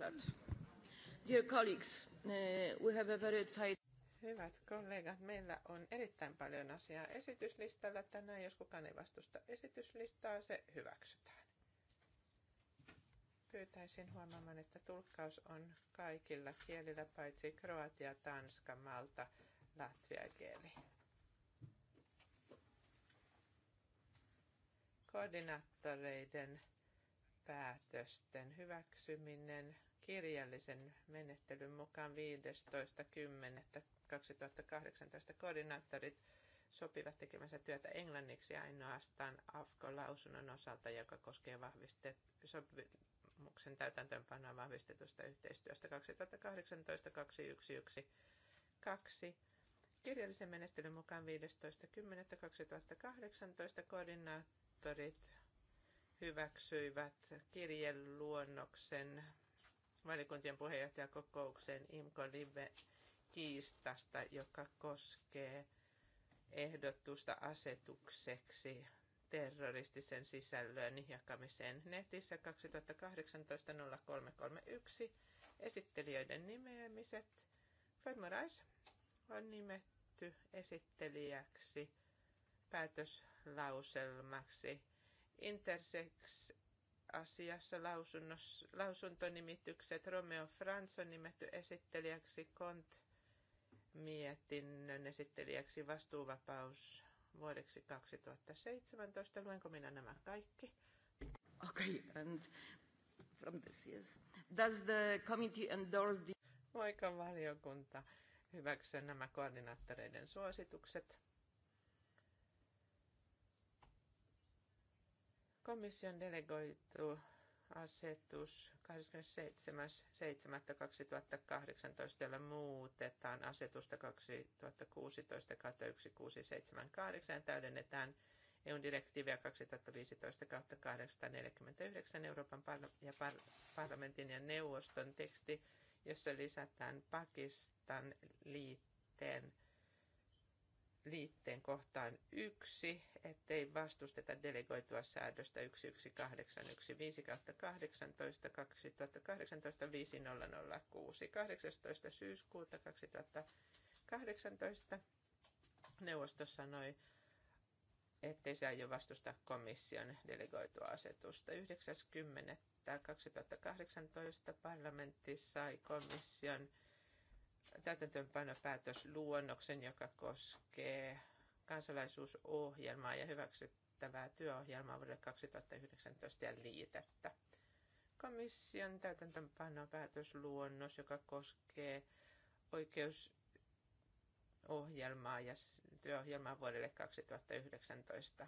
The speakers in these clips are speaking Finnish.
Eh, Hyvät kollegat, meillä on erittäin paljon asiaa esityslistalla tänään. Jos kukaan ei vastusta esityslistaa, se hyväksytään. Pyytäisin huomaamaan, että tulkkaus on kaikilla kielillä paitsi kroatia, tanska, malta, latvia kieli. Koordinaattoreiden päätösten hyväksyminen kirjallisen menettelyn mukaan 15.10.2018 koordinaattorit sopivat tekemänsä työtä englanniksi ainoastaan AFKO-lausunnon osalta, joka koskee vahvistet, sopimuksen täytäntöönpanoa vahvistetusta yhteistyöstä 2018-2112. Kirjallisen menettelyn mukaan 15.10.2018 koordinaattorit hyväksyivät kirjeluonnoksen valiokuntien puheenjohtajakokouksen Imko Live kiistasta, joka koskee ehdotusta asetukseksi terroristisen sisällön jakamiseen netissä 2018-0331. Esittelijöiden nimeämiset. Floyd Morais on nimetty esittelijäksi päätöslauselmaksi Intersex-asiassa lausunnos, lausuntonimitykset. Romeo Frans on nimetty esittelijäksi Kont mietinnön esittelijäksi vastuuvapaus vuodeksi 2017. Luenko minä nämä kaikki? Okay, and from this, yes. Does the committee endorse the... Voiko valiokunta hyväksyä nämä koordinaattoreiden suositukset? Komission delegoitu asetus 27.7.2018, jolla muutetaan asetusta 2016-1678 ja täydennetään EUn direktiiviä 2015-849 Euroopan ja par- parlamentin ja neuvoston teksti, jossa lisätään Pakistan liitteen liitteen kohtaan 1, ettei vastusteta delegoitua säädöstä 11815 18 2018 5006 18. syyskuuta 2018 neuvosto sanoi, ettei se aio vastustaa komission delegoitua asetusta. 90. 2018 parlamentti sai komission täytäntöönpanopäätösluonnoksen, joka koskee kansalaisuusohjelmaa ja hyväksyttävää työohjelmaa vuodelle 2019 ja liitettä. Komission täytäntöönpanopäätösluonnos, joka koskee oikeusohjelmaa ja työohjelmaa vuodelle 2019.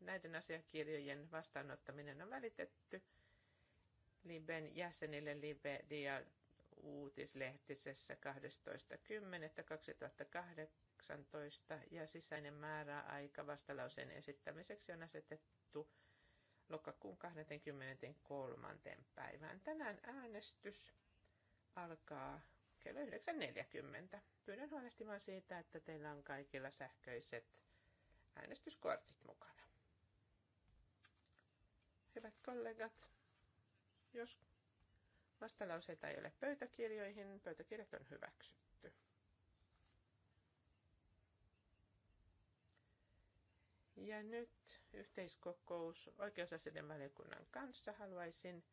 Näiden asiakirjojen vastaanottaminen on välitetty Liben jäsenille Libe Dia uutislehtisessä 12.10.2018 ja sisäinen määräaika vastalauseen esittämiseksi on asetettu lokakuun 23. päivään. Tänään äänestys alkaa kello 9.40. Pyydän huolehtimaan siitä, että teillä on kaikilla sähköiset äänestyskortit mukana. Hyvät kollegat, jos Vastalauseita ei ole pöytäkirjoihin. Pöytäkirjat on hyväksytty. Ja nyt yhteiskokous oikeusasioiden valiokunnan kanssa haluaisin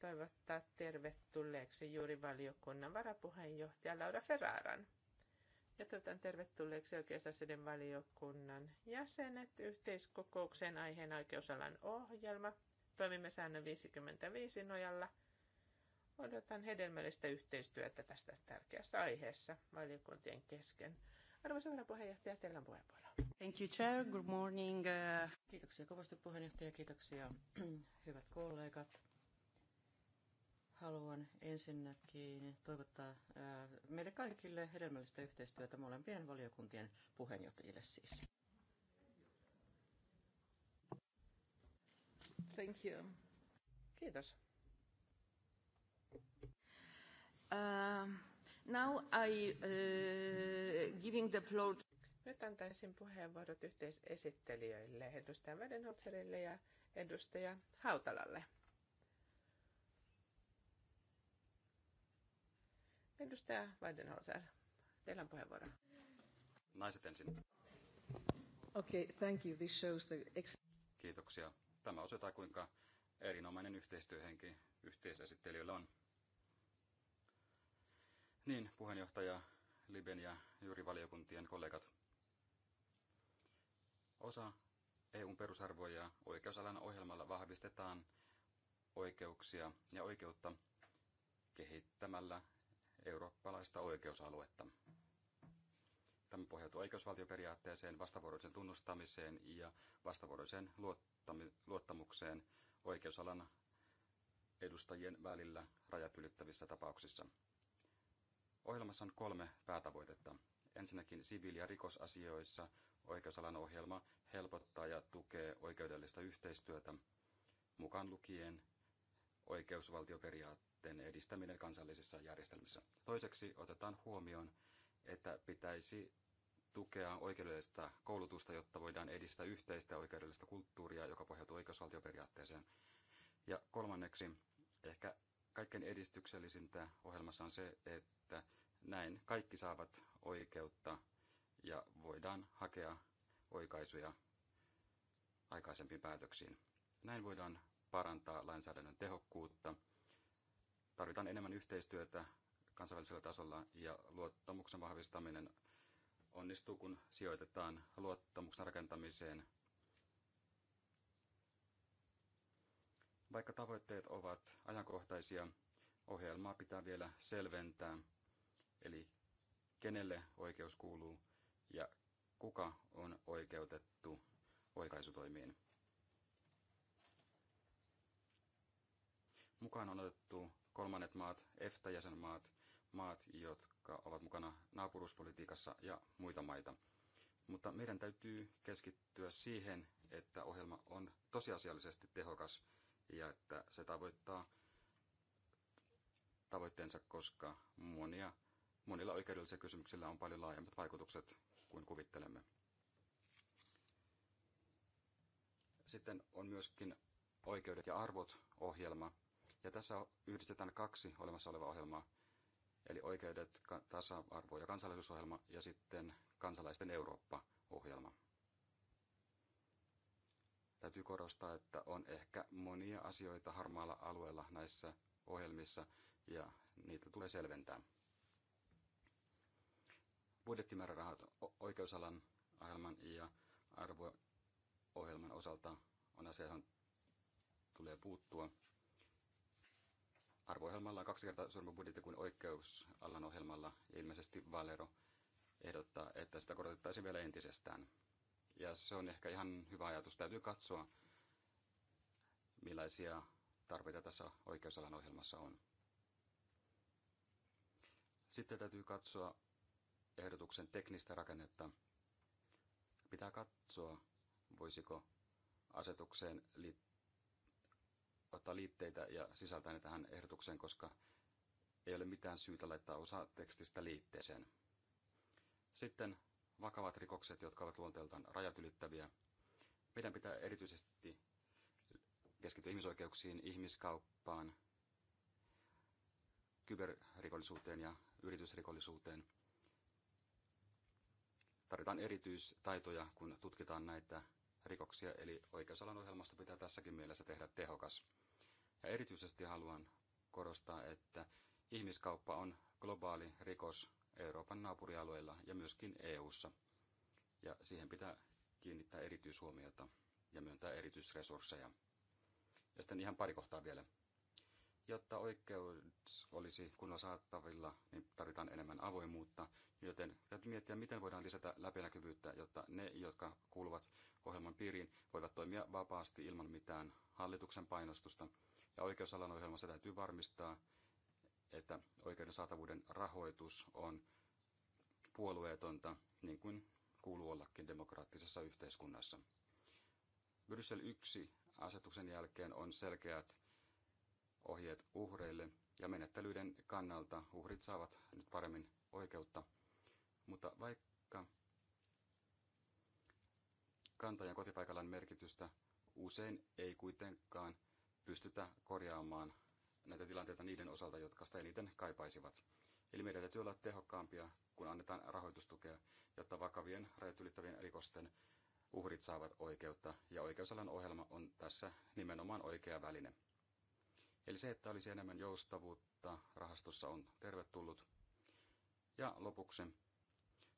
toivottaa tervetulleeksi juuri valiokunnan varapuheenjohtaja Laura Ferraran. Ja toivotan tervetulleeksi oikeusasioiden valiokunnan jäsenet yhteiskokouksen aiheen oikeusalan ohjelma. Toimimme säännön 55 nojalla – Odotan hedelmällistä yhteistyötä tästä tärkeässä aiheessa valiokuntien kesken. Arvoisa varapuheenjohtaja, teillä on puheenvuoro. Thank you, Chair. Good morning. Uh, kiitoksia kovasti puheenjohtaja, kiitoksia hyvät kollegat. Haluan ensinnäkin toivottaa uh, meille kaikille hedelmällistä yhteistyötä molempien valiokuntien puheenjohtajille siis. Thank you. Kiitos. Uh, now I uh, giving the floor. Nyt antaisin puheenvuorot yhteisesittelijöille, edustaja Vedenholzerille ja edustaja Hautalalle. Edustaja Weidenholzer, teillä on puheenvuoro. Naiset ensin. Okay, thank you. This shows the... Kiitoksia. Tämä osoittaa, kuinka erinomainen yhteistyöhenki yhteisesittelijöillä on. Niin, puheenjohtaja Liben ja juurivaliokuntien kollegat. Osa EUn perusarvoja oikeusalan ohjelmalla vahvistetaan oikeuksia ja oikeutta kehittämällä eurooppalaista oikeusaluetta. Tämä pohjautuu oikeusvaltioperiaatteeseen, vastavuoroisen tunnustamiseen ja vastavuoroiseen luottamukseen oikeusalan edustajien välillä rajat ylittävissä tapauksissa. Ohjelmassa on kolme päätavoitetta. Ensinnäkin siviili- ja rikosasioissa oikeusalan ohjelma helpottaa ja tukee oikeudellista yhteistyötä, mukaan lukien oikeusvaltioperiaatteen edistäminen kansallisissa järjestelmissä. Toiseksi otetaan huomioon, että pitäisi tukea oikeudellista koulutusta, jotta voidaan edistää yhteistä oikeudellista kulttuuria, joka pohjautuu oikeusvaltioperiaatteeseen. Ja kolmanneksi Ehkä kaikkein edistyksellisintä ohjelmassa on se, että näin kaikki saavat oikeutta ja voidaan hakea oikaisuja aikaisempiin päätöksiin. Näin voidaan parantaa lainsäädännön tehokkuutta. Tarvitaan enemmän yhteistyötä kansainvälisellä tasolla ja luottamuksen vahvistaminen onnistuu, kun sijoitetaan luottamuksen rakentamiseen Vaikka tavoitteet ovat ajankohtaisia, ohjelmaa pitää vielä selventää, eli kenelle oikeus kuuluu ja kuka on oikeutettu oikaisutoimiin. Mukaan on otettu kolmannet maat, EFTA-jäsenmaat, maat, jotka ovat mukana naapuruspolitiikassa ja muita maita. Mutta meidän täytyy keskittyä siihen, että ohjelma on tosiasiallisesti tehokas – ja että se tavoittaa tavoitteensa, koska monia, monilla oikeudellisilla kysymyksillä on paljon laajemmat vaikutukset kuin kuvittelemme. Sitten on myöskin oikeudet ja arvot ohjelma. Ja tässä yhdistetään kaksi olemassa olevaa ohjelmaa, eli oikeudet, tasa-arvo ja kansalaisuusohjelma ja sitten kansalaisten Eurooppa-ohjelma. Täytyy korostaa, että on ehkä monia asioita harmaalla alueella näissä ohjelmissa ja niitä tulee selventää. Budjettimäärärahat oikeusalan ohjelman ja arvo-ohjelman osalta on asia, johon tulee puuttua. Arvo-ohjelmalla on kaksi kertaa suurempi budjetti kuin oikeusalan ohjelmalla. Ilmeisesti Valero ehdottaa, että sitä korotettaisiin vielä entisestään. Ja se on ehkä ihan hyvä ajatus. Täytyy katsoa, millaisia tarpeita tässä oikeusalan ohjelmassa on. Sitten täytyy katsoa ehdotuksen teknistä rakennetta. Pitää katsoa, voisiko asetukseen liittyä ottaa liitteitä ja sisältää ne tähän ehdotukseen, koska ei ole mitään syytä laittaa osa tekstistä liitteeseen. Sitten vakavat rikokset, jotka ovat luonteeltaan rajat ylittäviä. Meidän pitää erityisesti keskittyä ihmisoikeuksiin, ihmiskauppaan, kyberrikollisuuteen ja yritysrikollisuuteen. Tarvitaan erityistaitoja, kun tutkitaan näitä rikoksia, eli oikeusalan ohjelmasta pitää tässäkin mielessä tehdä tehokas. Ja erityisesti haluan korostaa, että ihmiskauppa on globaali rikos, Euroopan naapurialueilla ja myöskin EU:ssa. Ja siihen pitää kiinnittää erityishuomiota ja myöntää erityisresursseja. Ja sitten ihan pari kohtaa vielä. Jotta oikeus olisi kunnolla saatavilla, niin tarvitaan enemmän avoimuutta, joten täytyy miettiä, miten voidaan lisätä läpinäkyvyyttä, jotta ne, jotka kuuluvat ohjelman piiriin, voivat toimia vapaasti ilman mitään hallituksen painostusta. Ja oikeusalan ohjelmassa täytyy varmistaa, että oikeuden saatavuuden rahoitus on puolueetonta, niin kuin kuuluu ollakin demokraattisessa yhteiskunnassa. Bryssel 1 asetuksen jälkeen on selkeät ohjeet uhreille ja menettelyiden kannalta uhrit saavat nyt paremmin oikeutta, mutta vaikka kantajan kotipaikallaan merkitystä usein ei kuitenkaan pystytä korjaamaan näitä tilanteita niiden osalta, jotka sitä eniten kaipaisivat. Eli meidän täytyy olla tehokkaampia, kun annetaan rahoitustukea, jotta vakavien rajat ylittävien rikosten uhrit saavat oikeutta, ja oikeusalan ohjelma on tässä nimenomaan oikea väline. Eli se, että olisi enemmän joustavuutta rahastossa on tervetullut. Ja lopuksi,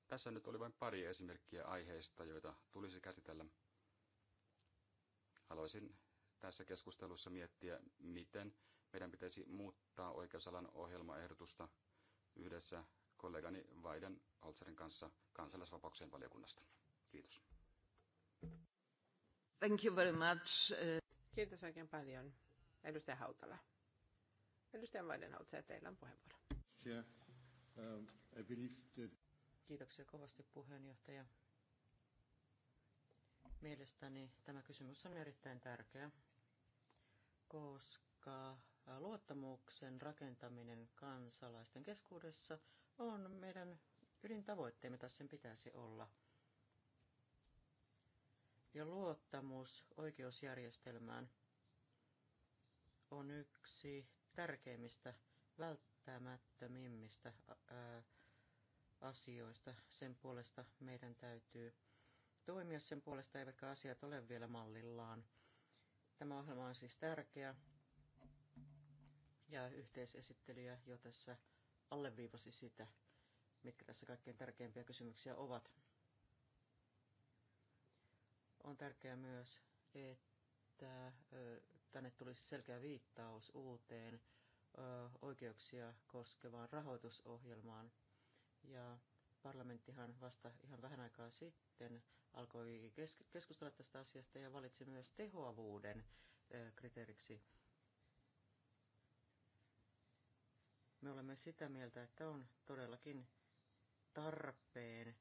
tässä nyt oli vain pari esimerkkiä aiheista, joita tulisi käsitellä. Haluaisin tässä keskustelussa miettiä, miten meidän pitäisi muuttaa oikeusalan ohjelmaehdotusta yhdessä kollegani Vaiden Altsarin kanssa kansalaisvapauksien valiokunnasta. Kiitos. Thank you very much. Eh. Kiitos oikein paljon. Edustaja Hautala. Edustaja Vaiden Altsar, teillä on puheenvuoro. Yeah. Um, I that... Kiitoksia kovasti puheenjohtaja. Mielestäni tämä kysymys on erittäin tärkeä, koska luottamuksen rakentaminen kansalaisten keskuudessa on meidän ydintavoitteemme, tai sen pitäisi olla. Ja luottamus oikeusjärjestelmään on yksi tärkeimmistä, välttämättömimmistä ää, asioista. Sen puolesta meidän täytyy toimia sen puolesta, eivätkä asiat ole vielä mallillaan. Tämä ohjelma on siis tärkeä ja yhteisesittelijä jo tässä alleviivasi sitä, mitkä tässä kaikkein tärkeimpiä kysymyksiä ovat. On tärkeää myös, että tänne tulisi selkeä viittaus uuteen oikeuksia koskevaan rahoitusohjelmaan. Ja parlamenttihan vasta ihan vähän aikaa sitten alkoi keskustella tästä asiasta ja valitsi myös tehoavuuden kriteeriksi Me olemme sitä mieltä, että on todellakin tarpeen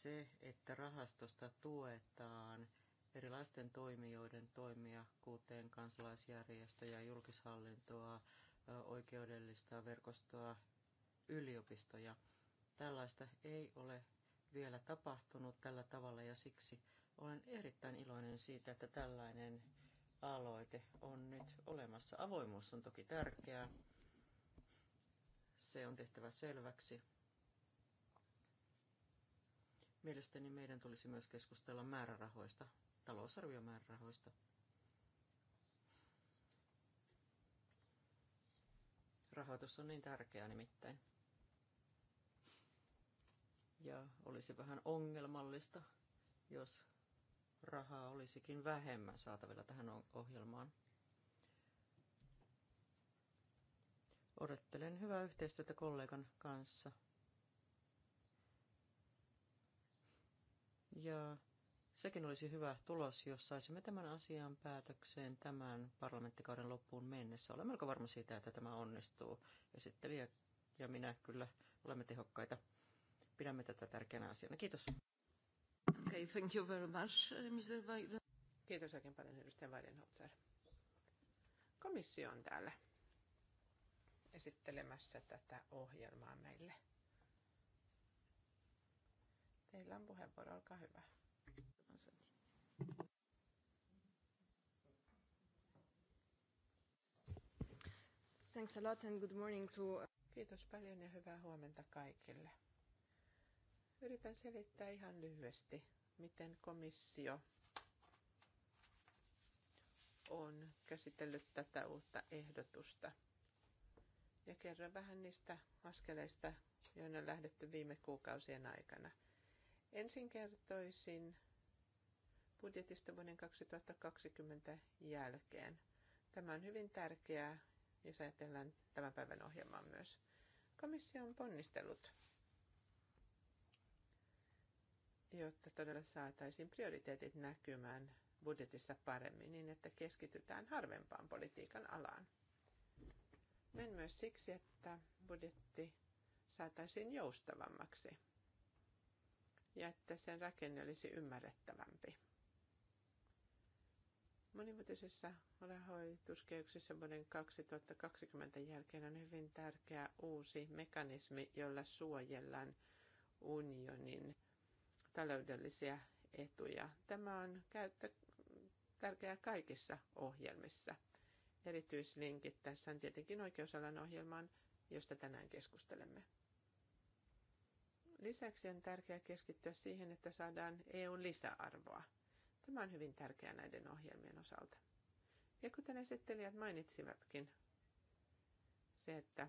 se, että rahastosta tuetaan erilaisten toimijoiden toimia, kuten kansalaisjärjestöjä, julkishallintoa, oikeudellista verkostoa, yliopistoja. Tällaista ei ole vielä tapahtunut tällä tavalla ja siksi olen erittäin iloinen siitä, että tällainen aloite on nyt olemassa. Avoimuus on toki tärkeää, se on tehtävä selväksi. Mielestäni meidän tulisi myös keskustella määrärahoista, talousarviomäärärahoista. Rahoitus on niin tärkeää nimittäin. Ja olisi vähän ongelmallista, jos rahaa olisikin vähemmän saatavilla tähän ohjelmaan. Odottelen hyvää yhteistyötä kollegan kanssa. Ja sekin olisi hyvä tulos, jos saisimme tämän asian päätökseen tämän parlamenttikauden loppuun mennessä. Olen melko varma siitä, että tämä onnistuu. Esittelijä ja minä kyllä olemme tehokkaita. Pidämme tätä tärkeänä asiana. Kiitos. Okay, thank you very much, Mr. Kiitos oikein paljon, edustaja Weidenholzer. Komissio on täällä esittelemässä tätä ohjelmaa meille. Teillä on puheenvuoro, olkaa hyvä. Thanks a lot and good morning to... Kiitos paljon ja hyvää huomenta kaikille. Yritän selittää ihan lyhyesti, miten komissio on käsitellyt tätä uutta ehdotusta – ja kerro vähän niistä askeleista, joihin on lähdetty viime kuukausien aikana. Ensin kertoisin budjetista vuoden 2020 jälkeen. Tämä on hyvin tärkeää, jos ajatellaan tämän päivän ohjelmaa myös. Komissio on ponnistellut, jotta todella saataisiin prioriteetit näkymään budjetissa paremmin niin, että keskitytään harvempaan politiikan alaan. Men myös siksi, että budjetti saataisiin joustavammaksi ja että sen rakenne olisi ymmärrettävämpi. Monimuotoisessa rahoituskehyksessä vuoden 2020 jälkeen on hyvin tärkeä uusi mekanismi, jolla suojellaan unionin taloudellisia etuja. Tämä on käyttö tärkeää kaikissa ohjelmissa – erityislinkit tässä on tietenkin oikeusalan ohjelmaan, josta tänään keskustelemme. Lisäksi on tärkeää keskittyä siihen, että saadaan EUn lisäarvoa. Tämä on hyvin tärkeää näiden ohjelmien osalta. Ja kuten esittelijät mainitsivatkin, se, että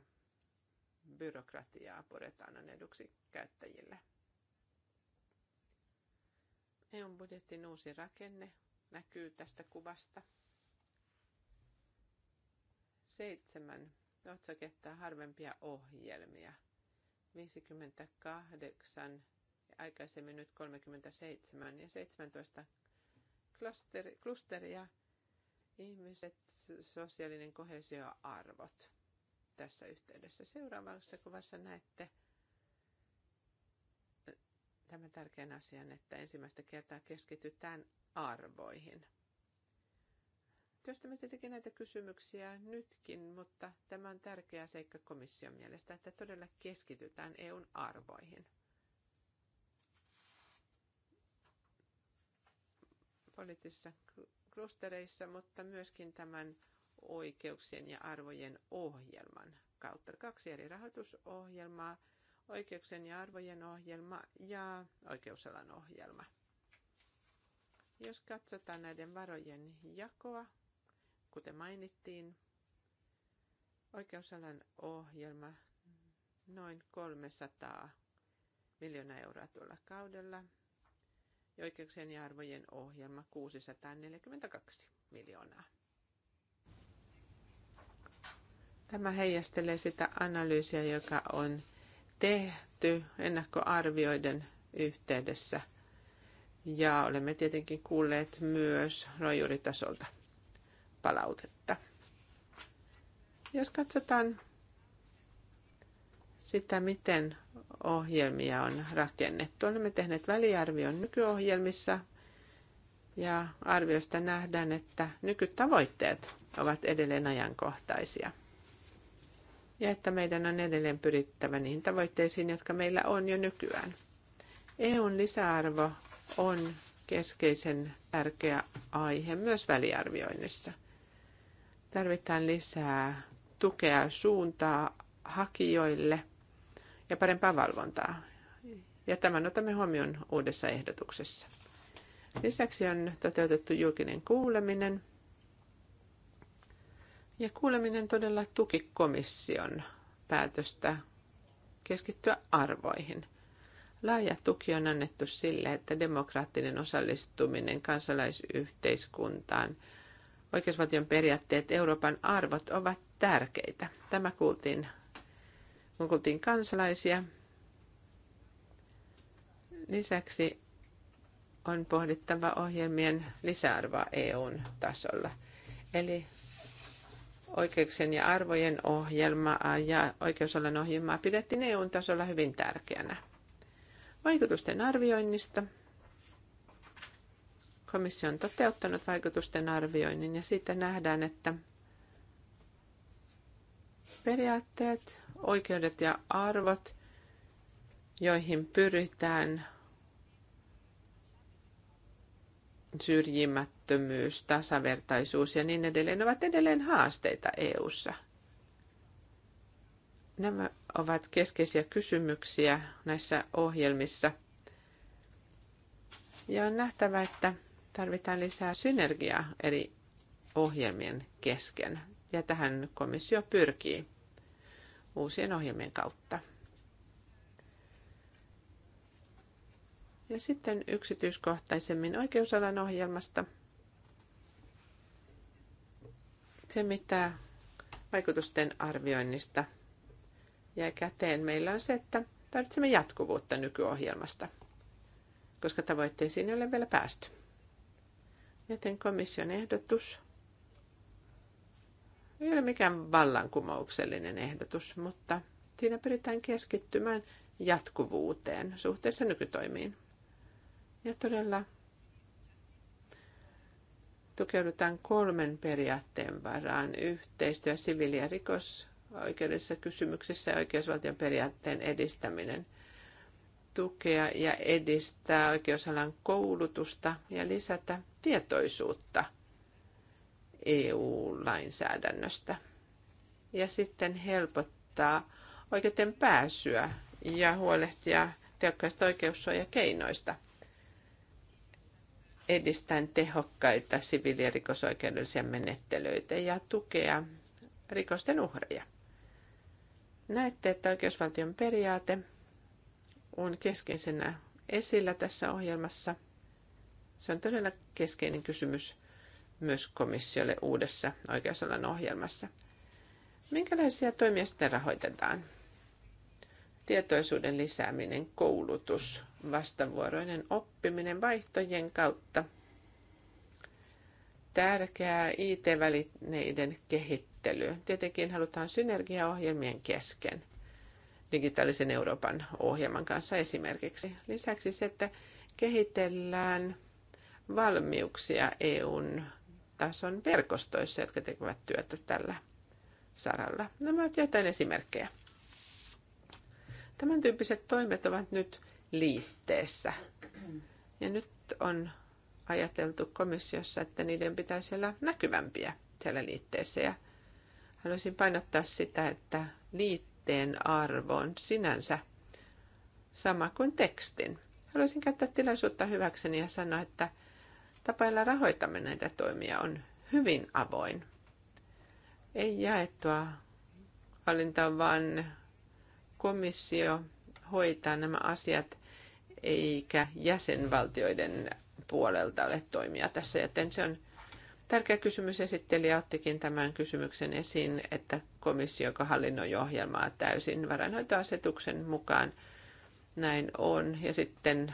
byrokratiaa puretaan on eduksi käyttäjille. EUn budjettin uusi rakenne näkyy tästä kuvasta – 57 otsaketta harvempia ohjelmia. 58, aikaisemmin nyt 37 ja 17 klusteri, klusteria, ihmiset, sosiaalinen kohesio ja arvot tässä yhteydessä. Seuraavassa kuvassa näette tämän tärkeän asian, että ensimmäistä kertaa keskitytään arvoihin – Työstämme tietenkin näitä kysymyksiä nytkin, mutta tämä on tärkeä seikka komission mielestä, että todella keskitytään EUn arvoihin. poliittisissa klustereissa, mutta myöskin tämän oikeuksien ja arvojen ohjelman kautta. Kaksi eri rahoitusohjelmaa, oikeuksien ja arvojen ohjelma ja oikeusalan ohjelma. Jos katsotaan näiden varojen jakoa, Kuten mainittiin, oikeusalan ohjelma noin 300 miljoonaa euroa tuolla kaudella ja oikeuksien ja arvojen ohjelma 642 miljoonaa. Tämä heijastelee sitä analyysiä, joka on tehty ennakkoarvioiden yhteydessä. Ja olemme tietenkin kuulleet myös rojuritasolta palautetta. Jos katsotaan sitä, miten ohjelmia on rakennettu. Olemme tehneet väliarvion nykyohjelmissa ja arviosta nähdään, että nykytavoitteet ovat edelleen ajankohtaisia. Ja että meidän on edelleen pyrittävä niihin tavoitteisiin, jotka meillä on jo nykyään. EUn lisäarvo on keskeisen tärkeä aihe myös väliarvioinnissa – Tarvitaan lisää tukea suuntaa hakijoille ja parempaa valvontaa. Ja tämän otamme huomioon uudessa ehdotuksessa. Lisäksi on toteutettu julkinen kuuleminen. Ja kuuleminen todella tuki komission päätöstä keskittyä arvoihin. Laaja tuki on annettu sille, että demokraattinen osallistuminen kansalaisyhteiskuntaan – oikeusvaltion periaatteet, Euroopan arvot ovat tärkeitä. Tämä kuultiin, kun kuultiin kansalaisia. Lisäksi on pohdittava ohjelmien lisäarvoa EUn tasolla. Eli oikeuksien ja arvojen ohjelmaa ja oikeusalan ohjelmaa pidettiin EUn tasolla hyvin tärkeänä. Vaikutusten arvioinnista – Komissio on toteuttanut vaikutusten arvioinnin ja siitä nähdään, että periaatteet, oikeudet ja arvot, joihin pyritään syrjimättömyys, tasavertaisuus ja niin edelleen, ovat edelleen haasteita EU:ssa. Nämä ovat keskeisiä kysymyksiä näissä ohjelmissa. Ja on nähtävä, että tarvitaan lisää synergiaa eri ohjelmien kesken, ja tähän komissio pyrkii uusien ohjelmien kautta. Ja sitten yksityiskohtaisemmin oikeusalan ohjelmasta. Se, mitä vaikutusten arvioinnista ja käteen meillä on se, että tarvitsemme jatkuvuutta nykyohjelmasta, koska tavoitteisiin ei ole vielä päästy. Joten komission ehdotus ei ole mikään vallankumouksellinen ehdotus, mutta siinä pyritään keskittymään jatkuvuuteen suhteessa nykytoimiin. Ja todella tukeudutaan kolmen periaatteen varaan. Yhteistyö siviili- ja rikosoikeudellisissa kysymyksissä ja oikeusvaltion periaatteen edistäminen. Tukea ja edistää oikeusalan koulutusta ja lisätä tietoisuutta EU-lainsäädännöstä ja sitten helpottaa oikeuden pääsyä ja huolehtia tehokkaista oikeussuojakeinoista edistäen tehokkaita siviili- ja rikosoikeudellisia menettelyitä ja tukea rikosten uhreja. Näette, että oikeusvaltion periaate on keskeisenä esillä tässä ohjelmassa – se on todella keskeinen kysymys myös komissiolle uudessa oikeusalan ohjelmassa. Minkälaisia toimia sitten rahoitetaan? Tietoisuuden lisääminen, koulutus, vastavuoroinen oppiminen vaihtojen kautta. Tärkeää IT-välineiden kehittely. Tietenkin halutaan synergiaohjelmien kesken digitaalisen Euroopan ohjelman kanssa esimerkiksi. Lisäksi se, että kehitellään – valmiuksia EUn tason verkostoissa, jotka tekevät työtä tällä saralla. Nämä ovat joitain esimerkkejä. Tämän tyyppiset toimet ovat nyt liitteessä. Ja nyt on ajateltu komissiossa, että niiden pitäisi olla näkyvämpiä siellä liitteessä. Ja haluaisin painottaa sitä, että liitteen arvo on sinänsä sama kuin tekstin. Haluaisin käyttää tilaisuutta hyväkseni ja sanoa, että tapa, jolla rahoitamme näitä toimia, on hyvin avoin. Ei jaettua valintaa, vaan komissio hoitaa nämä asiat, eikä jäsenvaltioiden puolelta ole toimia tässä, joten se on tärkeä kysymys. Esittelijä ottikin tämän kysymyksen esiin, että komissio, joka hallinnoi ohjelmaa täysin varainhoitoasetuksen mukaan, näin on. Ja sitten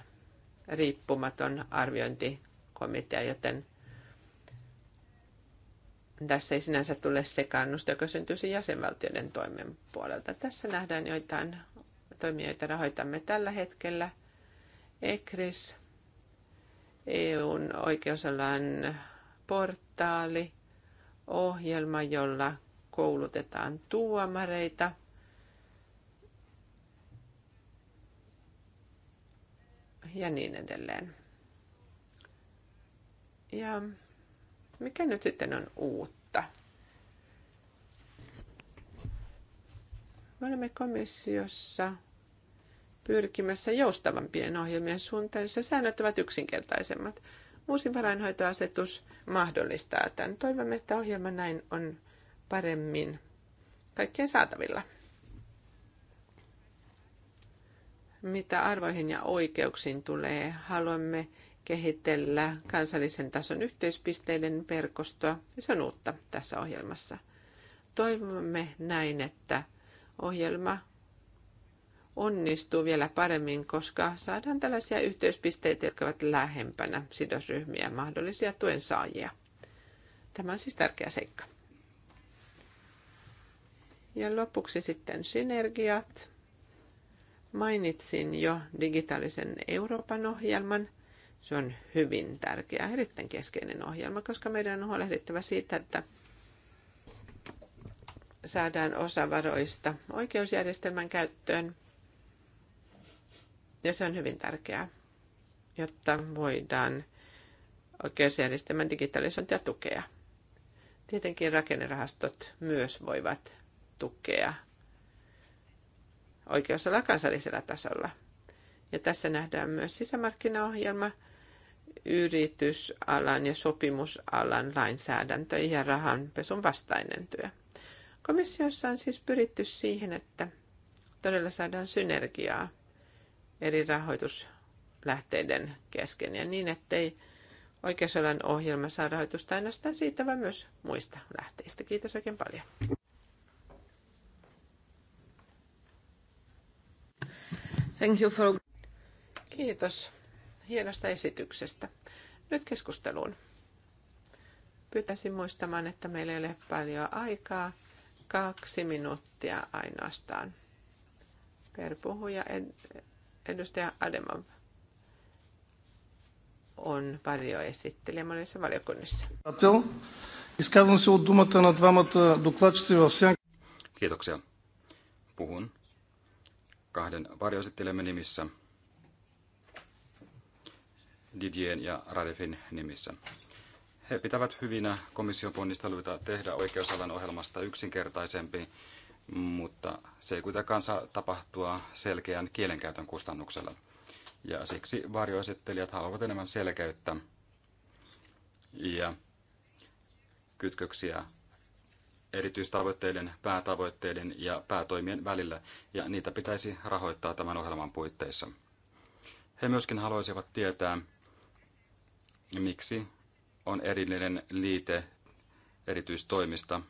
riippumaton arviointi komitea, joten tässä ei sinänsä tule sekaannusta, joka syntyisi jäsenvaltioiden toimen puolelta. Tässä nähdään joitain toimia, joita rahoitamme tällä hetkellä. ECRIS, EUn oikeusalan portaali, ohjelma, jolla koulutetaan tuomareita. Ja niin edelleen. Ja mikä nyt sitten on uutta? Me olemme komissiossa pyrkimässä joustavampien ohjelmien suuntaan, jossa säännöt ovat yksinkertaisemmat. Uusi varainhoitoasetus mahdollistaa tämän. Toivomme, että ohjelma näin on paremmin kaikkien saatavilla. Mitä arvoihin ja oikeuksiin tulee, haluamme kehitellä kansallisen tason yhteispisteiden verkostoa. Se on uutta tässä ohjelmassa. Toivomme näin, että ohjelma onnistuu vielä paremmin, koska saadaan tällaisia yhteyspisteitä, jotka ovat lähempänä sidosryhmiä ja mahdollisia tuen saajia. Tämä on siis tärkeä seikka. Ja lopuksi sitten synergiat. Mainitsin jo digitaalisen Euroopan ohjelman. Se on hyvin tärkeä, erittäin keskeinen ohjelma, koska meidän on huolehdittava siitä, että saadaan osa varoista oikeusjärjestelmän käyttöön. Ja se on hyvin tärkeää, jotta voidaan oikeusjärjestelmän digitalisointia tukea. Tietenkin rakennerahastot myös voivat tukea oikeusalalla kansallisella tasolla. Ja tässä nähdään myös sisämarkkinaohjelma – yritysalan ja sopimusalan lainsäädäntö ja rahanpesun vastainen työ. Komissiossa on siis pyritty siihen, että todella saadaan synergiaa eri rahoituslähteiden kesken ja niin, ettei oikeusalan ohjelma saa rahoitusta ainoastaan siitä, vaan myös muista lähteistä. Kiitos oikein paljon. Thank you for... Kiitos hienosta esityksestä. Nyt keskusteluun. Pyytäisin muistamaan, että meillä ei ole paljon aikaa. Kaksi minuuttia ainoastaan per puhuja. Edustaja Ademov on esittelijä monissa valiokunnissa. Kiitoksia. Puhun kahden varjoesittelijämme nimissä. Didien ja Radefin nimissä. He pitävät hyvinä komission ponnisteluita tehdä oikeusalan ohjelmasta yksinkertaisempi, mutta se ei kuitenkaan saa tapahtua selkeän kielenkäytön kustannuksella. Ja siksi varjoesittelijät haluavat enemmän selkeyttä ja kytköksiä erityistavoitteiden, päätavoitteiden ja päätoimien välillä, ja niitä pitäisi rahoittaa tämän ohjelman puitteissa. He myöskin haluaisivat tietää, miksi on erillinen liite erityistoimista.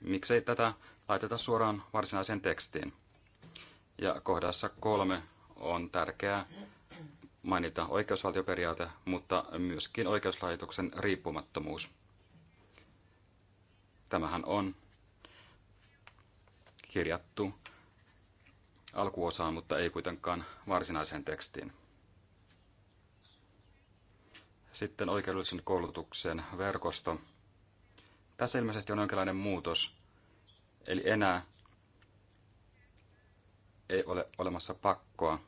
Miksei tätä laiteta suoraan varsinaiseen tekstiin? Ja kohdassa kolme on tärkeää mainita oikeusvaltioperiaate, mutta myöskin oikeuslaitoksen riippumattomuus. Tämähän on kirjattu alkuosaan, mutta ei kuitenkaan varsinaiseen tekstiin. Sitten oikeudellisen koulutuksen verkosto. Tässä ilmeisesti on jonkinlainen muutos. Eli enää ei ole olemassa pakkoa,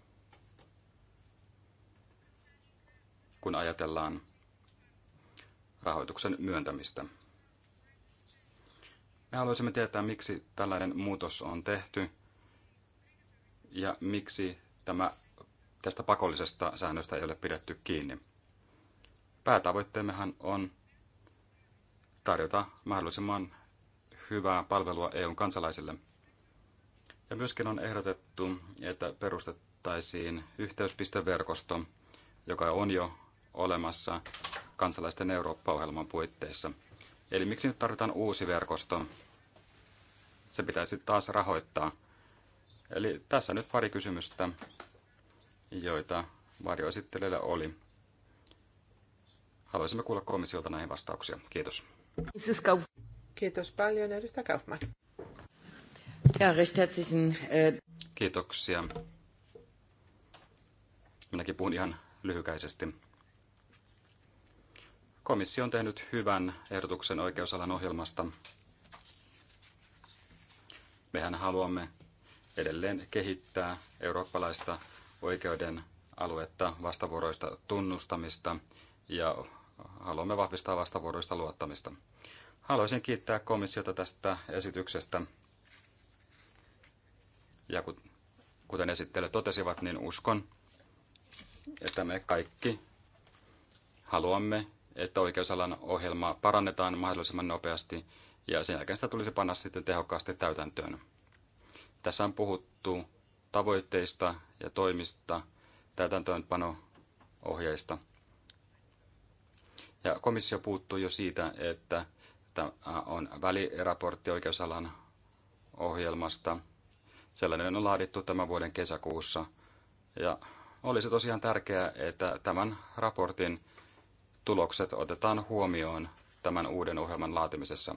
kun ajatellaan rahoituksen myöntämistä. Me haluaisimme tietää, miksi tällainen muutos on tehty ja miksi tämä, tästä pakollisesta säännöstä ei ole pidetty kiinni päätavoitteemmehan on tarjota mahdollisimman hyvää palvelua EUn kansalaisille. Ja myöskin on ehdotettu, että perustettaisiin yhteyspisteverkosto, joka on jo olemassa kansalaisten Eurooppa-ohjelman puitteissa. Eli miksi nyt tarvitaan uusi verkosto? Se pitäisi taas rahoittaa. Eli tässä nyt pari kysymystä, joita varjoesittelijällä oli. Haluaisimme kuulla komissiolta näihin vastauksia. Kiitos. Kiitos paljon, edustaja Kaufmann. Ja, recht äh, Kiitoksia. Minäkin puhun ihan lyhykäisesti. Komissio on tehnyt hyvän ehdotuksen oikeusalan ohjelmasta. Mehän haluamme edelleen kehittää eurooppalaista oikeuden aluetta, vastavuoroista tunnustamista ja haluamme vahvistaa vastavuoroista luottamista. Haluaisin kiittää komissiota tästä esityksestä. Ja kuten esittely totesivat, niin uskon, että me kaikki haluamme, että oikeusalan ohjelma parannetaan mahdollisimman nopeasti ja sen jälkeen sitä tulisi panna sitten tehokkaasti täytäntöön. Tässä on puhuttu tavoitteista ja toimista täytäntöönpano ohjeista. Ja komissio puuttuu jo siitä, että tämä on väliraportti oikeusalan ohjelmasta. Sellainen on laadittu tämän vuoden kesäkuussa. Ja olisi tosiaan tärkeää, että tämän raportin tulokset otetaan huomioon tämän uuden ohjelman laatimisessa.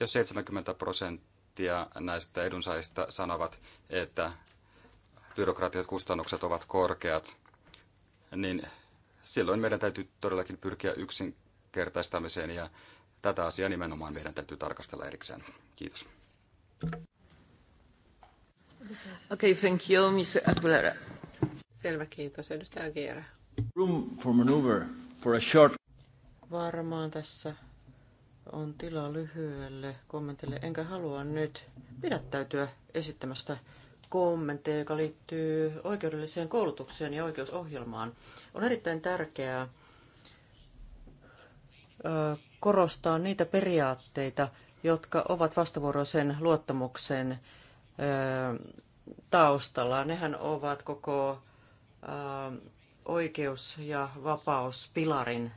Jos 70 prosenttia näistä edunsaajista sanovat, että byrokraattiset kustannukset ovat korkeat, niin silloin meidän täytyy todellakin pyrkiä yksinkertaistamiseen ja tätä asiaa nimenomaan meidän täytyy tarkastella erikseen. Kiitos. Okay, thank you, Mr. Aguilera. Selvä, kiitos. Edustaja Aguilera. Room for maneuver for a short... Varmaan tässä on tila lyhyelle kommentille, enkä halua nyt pidättäytyä esittämästä kommentteja, joka liittyy oikeudelliseen koulutukseen ja oikeusohjelmaan. On erittäin tärkeää korostaa niitä periaatteita, jotka ovat vastavuoroisen luottamuksen taustalla. Nehän ovat koko oikeus- ja vapauspilarin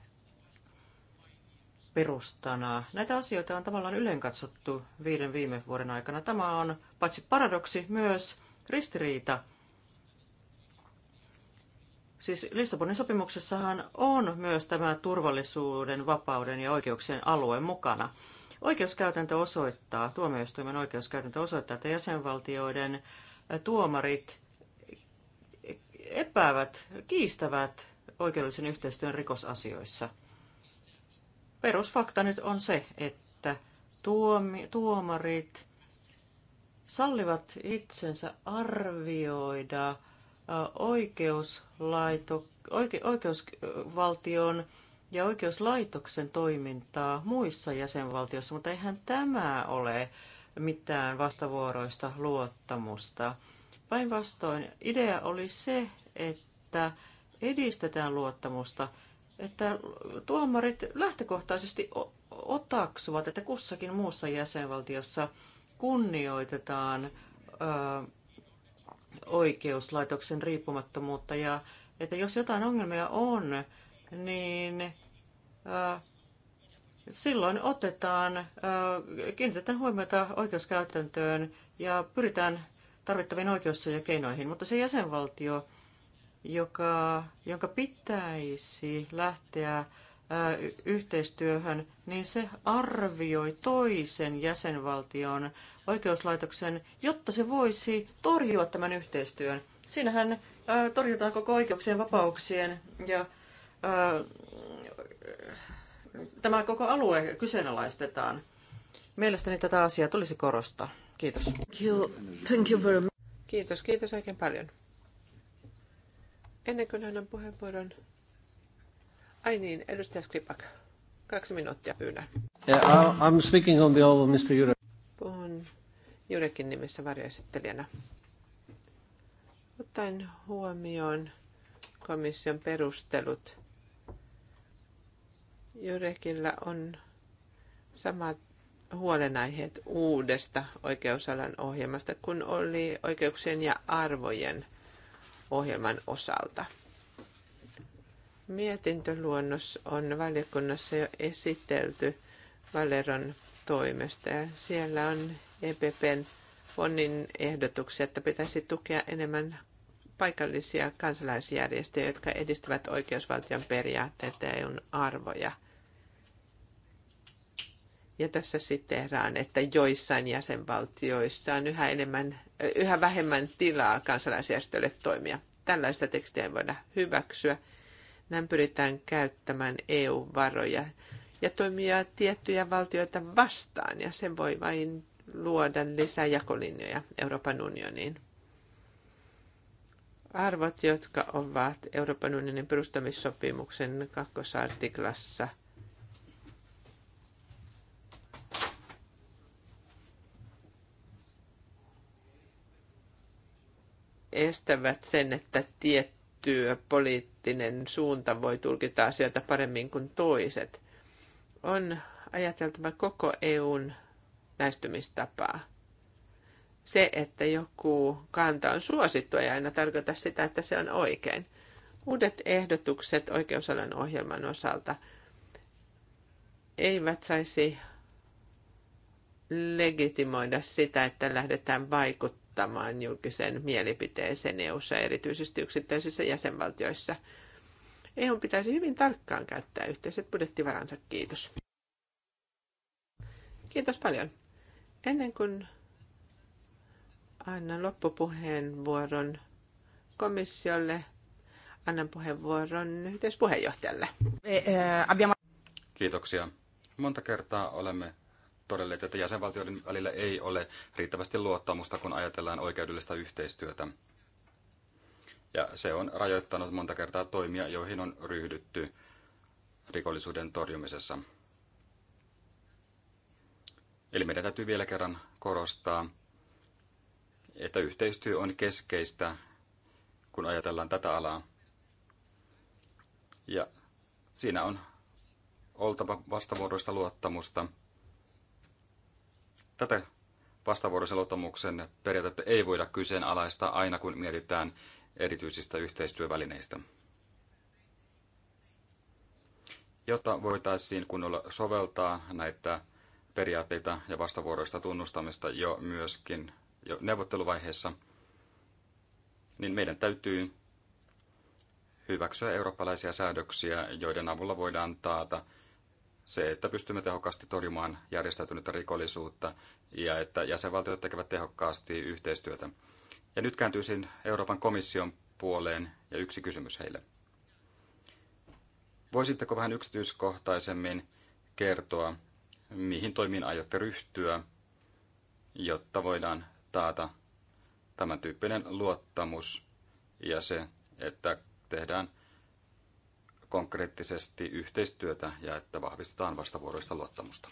perustana. Näitä asioita on tavallaan ylenkatsottu viiden viime vuoden aikana. Tämä on paitsi paradoksi, myös ristiriita. Siis Lissabonin sopimuksessahan on myös tämä turvallisuuden, vapauden ja oikeuksien alue mukana. Oikeuskäytäntö osoittaa, tuomioistuimen oikeuskäytäntö osoittaa, että jäsenvaltioiden tuomarit epäävät, kiistävät oikeudellisen yhteistyön rikosasioissa. Perusfakta nyt on se, että tuomi, tuomarit sallivat itsensä arvioida oikeuslaito, oike, oikeusvaltion ja oikeuslaitoksen toimintaa muissa jäsenvaltioissa, mutta eihän tämä ole mitään vastavuoroista luottamusta. Päinvastoin idea oli se, että edistetään luottamusta, että tuomarit lähtökohtaisesti otaksuvat, että kussakin muussa jäsenvaltiossa – kunnioitetaan ö, oikeuslaitoksen riippumattomuutta ja että jos jotain ongelmia on, niin ö, silloin otetaan, ö, kiinnitetään huomiota oikeuskäytäntöön ja pyritään tarvittaviin oikeussuojakeinoihin, mutta se jäsenvaltio, joka, jonka pitäisi lähteä yhteistyöhön, niin se arvioi toisen jäsenvaltion oikeuslaitoksen, jotta se voisi torjua tämän yhteistyön. Siinähän torjutaan koko oikeuksien, vapauksien ja tämä koko alue kyseenalaistetaan. Mielestäni tätä asiaa tulisi korostaa. Kiitos. Thank you. Thank you very much. Kiitos, kiitos oikein paljon. Ennen kuin annan puheenvuoron Ai niin, edustaja Skripak. Kaksi minuuttia pyydän. Yeah, I'm speaking on behalf of Mr. Jurek. Puhun Jurekin nimessä varjoesittelijänä. Ottaen huomioon komission perustelut, Jurekilla on samat huolenaiheet uudesta oikeusalan ohjelmasta kun oli oikeuksien ja arvojen ohjelman osalta – Mietintöluonnos on valiokunnassa jo esitelty Valeron toimesta ja siellä on EPPn onnin ehdotuksia, että pitäisi tukea enemmän paikallisia kansalaisjärjestöjä, jotka edistävät oikeusvaltion periaatteita ja EUn arvoja. Ja tässä siteeraan, että joissain jäsenvaltioissa on yhä, enemmän, yhä vähemmän tilaa kansalaisjärjestöille toimia. Tällaista tekstiä ei voida hyväksyä. Näin pyritään käyttämään EU-varoja ja toimia tiettyjä valtioita vastaan, ja se voi vain luoda lisää jakolinjoja Euroopan unioniin. Arvot, jotka ovat Euroopan unionin perustamissopimuksen kakkosartiklassa – estävät sen, että tietty työpoliittinen suunta voi tulkita asioita paremmin kuin toiset. On ajateltava koko EUn lähestymistapaa. Se, että joku kanta on suosittu, ei aina tarkoita sitä, että se on oikein. Uudet ehdotukset oikeusalan ohjelman osalta eivät saisi legitimoida sitä, että lähdetään vaikuttamaan vaikuttamaan julkiseen mielipiteeseen EU-ssa, erityisesti yksittäisissä jäsenvaltioissa. EU pitäisi hyvin tarkkaan käyttää yhteiset budjettivaransa. Kiitos. Kiitos paljon. Ennen kuin annan loppupuheenvuoron komissiolle, annan puheenvuoron yhteispuheenjohtajalle. Eh, eh, Kiitoksia. Monta kertaa olemme todelleet, että jäsenvaltioiden välillä ei ole riittävästi luottamusta, kun ajatellaan oikeudellista yhteistyötä. Ja se on rajoittanut monta kertaa toimia, joihin on ryhdytty rikollisuuden torjumisessa. Eli meidän täytyy vielä kerran korostaa, että yhteistyö on keskeistä, kun ajatellaan tätä alaa. Ja siinä on oltava vastavuoroista luottamusta – Tätä vastavuoroisen periaatetta ei voida kyseenalaistaa aina, kun mietitään erityisistä yhteistyövälineistä. Jotta voitaisiin kunnolla soveltaa näitä periaatteita ja vastavuoroista tunnustamista jo myöskin jo neuvotteluvaiheessa, niin meidän täytyy hyväksyä eurooppalaisia säädöksiä, joiden avulla voidaan taata – se, että pystymme tehokkaasti torjumaan järjestäytynyttä rikollisuutta ja että jäsenvaltiot tekevät tehokkaasti yhteistyötä. Ja nyt kääntyisin Euroopan komission puoleen ja yksi kysymys heille. Voisitteko vähän yksityiskohtaisemmin kertoa, mihin toimiin aiotte ryhtyä, jotta voidaan taata tämän tyyppinen luottamus ja se, että tehdään konkreettisesti yhteistyötä ja että vahvistetaan vastavuoroista luottamusta.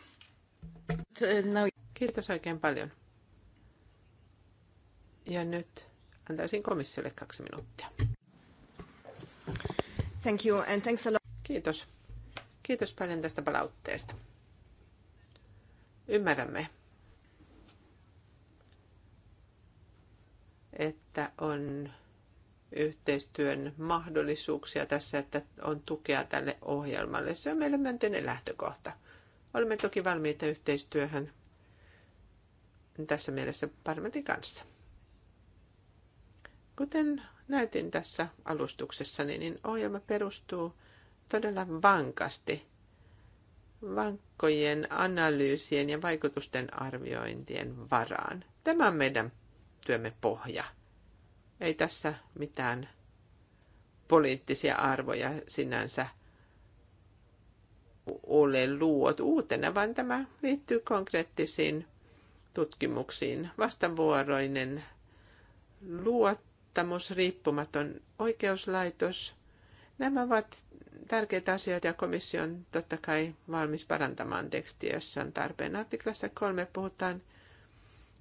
Kiitos oikein paljon. Ja nyt antaisin komissiolle kaksi minuuttia. Thank you and thanks a lot. Kiitos. Kiitos paljon tästä palautteesta. Ymmärrämme, että on yhteistyön mahdollisuuksia tässä, että on tukea tälle ohjelmalle. Se on meille myönteinen lähtökohta. Olemme toki valmiita yhteistyöhön tässä mielessä parlamentin kanssa. Kuten näytin tässä alustuksessa, niin ohjelma perustuu todella vankasti vankkojen analyysien ja vaikutusten arviointien varaan. Tämä on meidän työmme pohja – ei tässä mitään poliittisia arvoja sinänsä ole luot uutena, vaan tämä liittyy konkreettisiin tutkimuksiin. Vastavuoroinen luottamus, riippumaton oikeuslaitos, nämä ovat tärkeitä asioita ja komissio on totta kai valmis parantamaan tekstiä, jos on tarpeen. Artiklassa kolme puhutaan